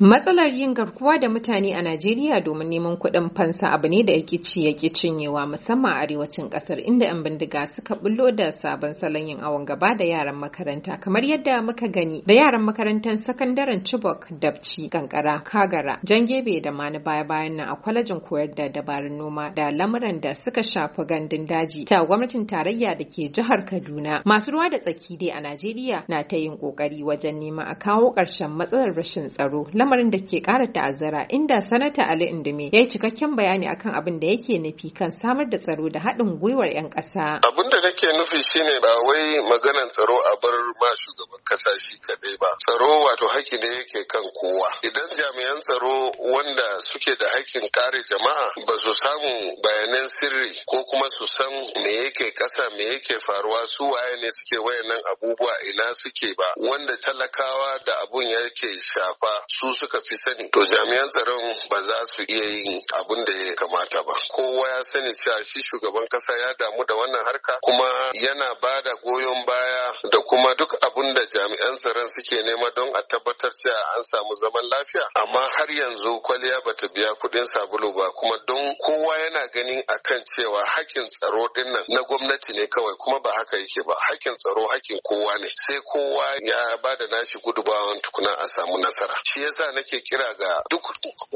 Matsalar yin garkuwa da mutane a Najeriya domin neman kuɗin fansa abu ne da ya ci ya ki cinyewa musamman a arewacin ƙasar inda 'yan bindiga suka bullo da sabon salon yin awon gaba da yaran makaranta kamar yadda muka gani da yaran makarantar sakandaren Chibok, Dabci, Kankara, Kagara, Jangebe da Mani baya bayan nan a kwalejin koyar da dabarun noma da lamuran da suka shafi gandun daji ta gwamnatin tarayya da ke jihar Kaduna. Masu ruwa da tsaki dai a Najeriya na ta yin ƙoƙari wajen neman a kawo ƙarshen matsalar rashin tsaro. lamarin da ke ƙara ta'azzara inda sanata Ali Indimi ya yi cikakken bayani akan abin da yake nufi kan samar da tsaro da haɗin gwiwar 'yan ƙasa. Abin da nake nufi shine ba wai maganan tsaro a bar ma shugaban ƙasa shi kaɗai ba. Tsaro wato haƙƙi ne yake kan kowa. Idan jami'an tsaro wanda suke da haƙƙin kare jama'a ba su samu bayanan sirri ko kuma su san me yake ƙasa me yake faruwa su waye ne suke wayannan abubuwa ina suke ba wanda talakawa da abun yake shafa su suka fi sani to jami'an tsaron ba za su iya yin abin da ya kamata ba kowa ya sani cewa shi shugaban kasa ya damu da wannan harka kuma yana ba da goyon baya da kuma duk abin da jami'an tsaron suke nema don a tabbatar cewa an samu zaman lafiya amma har yanzu kwaliya bata biya kuɗin sabulu ba kuma don kowa yana ganin akan cewa hakkin tsaro dinnan na gwamnati ne kawai kuma ba haka yake ba hakkin tsaro hakkin kowa ne sai kowa ya ba da nashi gudubawan tukuna a samu nasara shi yasa yasa nake kira ga duk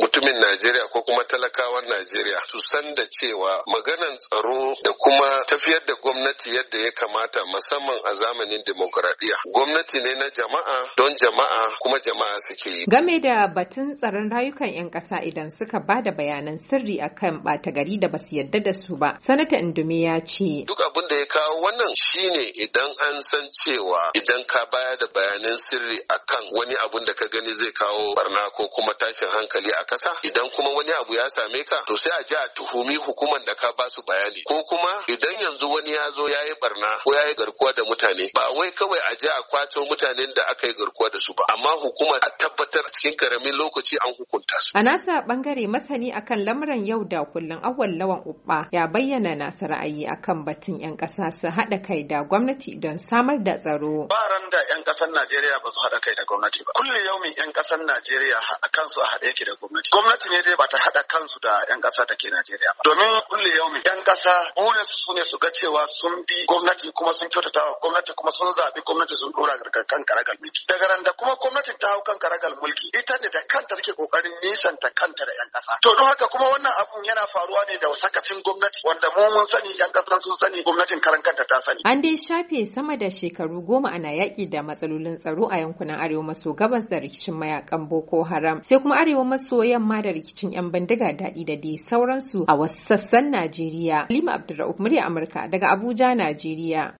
mutumin Najeriya ko kuma talakawan Najeriya su san da cewa maganan tsaro da kuma tafiyar da gwamnati yadda ya kamata musamman a zamanin demokradiyya. Gwamnati ne na jama'a don jama'a kuma jama'a suke yi. Game da batun tsaron rayukan 'yan ƙasa idan suka ba da bayanan sirri akan bata gari da basu yadda da su ba. Sanata Indume ya ce. Duk abin da ya kawo wannan shine idan an san cewa idan ka baya da bayanan sirri akan wani abun da ka gani zai kawo barna ko kuma tashin hankali a kasa idan kuma wani abu ya same ka to sai a ji a tuhumi hukumar da ka ba su bayani ko kuma idan yanzu wani ya zo ya yi barna ko ya yi garkuwa da mutane ba wai kawai a ji a kwato mutanen da aka yi garkuwa da su ba amma hukumar a tabbatar a cikin karamin lokaci an hukunta su. A nasa bangare masani akan lamuran yau da kullum awal lawan uba ya bayyana nasa ra'ayi akan batun 'yan kasa su haɗa kai da gwamnati don samar da tsaro. Ba ran da 'yan ƙasar Najeriya ba su haɗa kai da gwamnati ba. Kullum yaumin 'yan ƙasar Najeriya Najeriya a kansu a haɗe yake da gwamnati. Gwamnati ne dai ba ta haɗa kansu da 'yan ƙasa da ke Najeriya ba. Domin kulle yau 'yan ƙasa burin su ne su ga cewa sun bi gwamnati kuma sun kyautata wa gwamnati kuma sun zaɓi gwamnati sun ɗora kan karagal mulki. Daga ran da kuma gwamnatin ta hau kan karagal mulki ita ne da kanta take ƙoƙarin nisanta kanta da 'yan ƙasa. To don haka kuma wannan abun yana faruwa ne da sakacin gwamnati wanda mu mun sani 'yan ƙasa sun sani gwamnatin karan kanta ta sani. An dai shafe sama da shekaru goma ana yaƙi da matsalolin tsaro a yankunan arewa maso gabas da rikicin mayakan boko. Boko Haram sai kuma arewa maso yamma da rikicin 'yan bandiga daɗi da dai sauransu a wasu sassan Najeriya. Halima Abdulrahman, murya Amurka daga Abuja, Najeriya.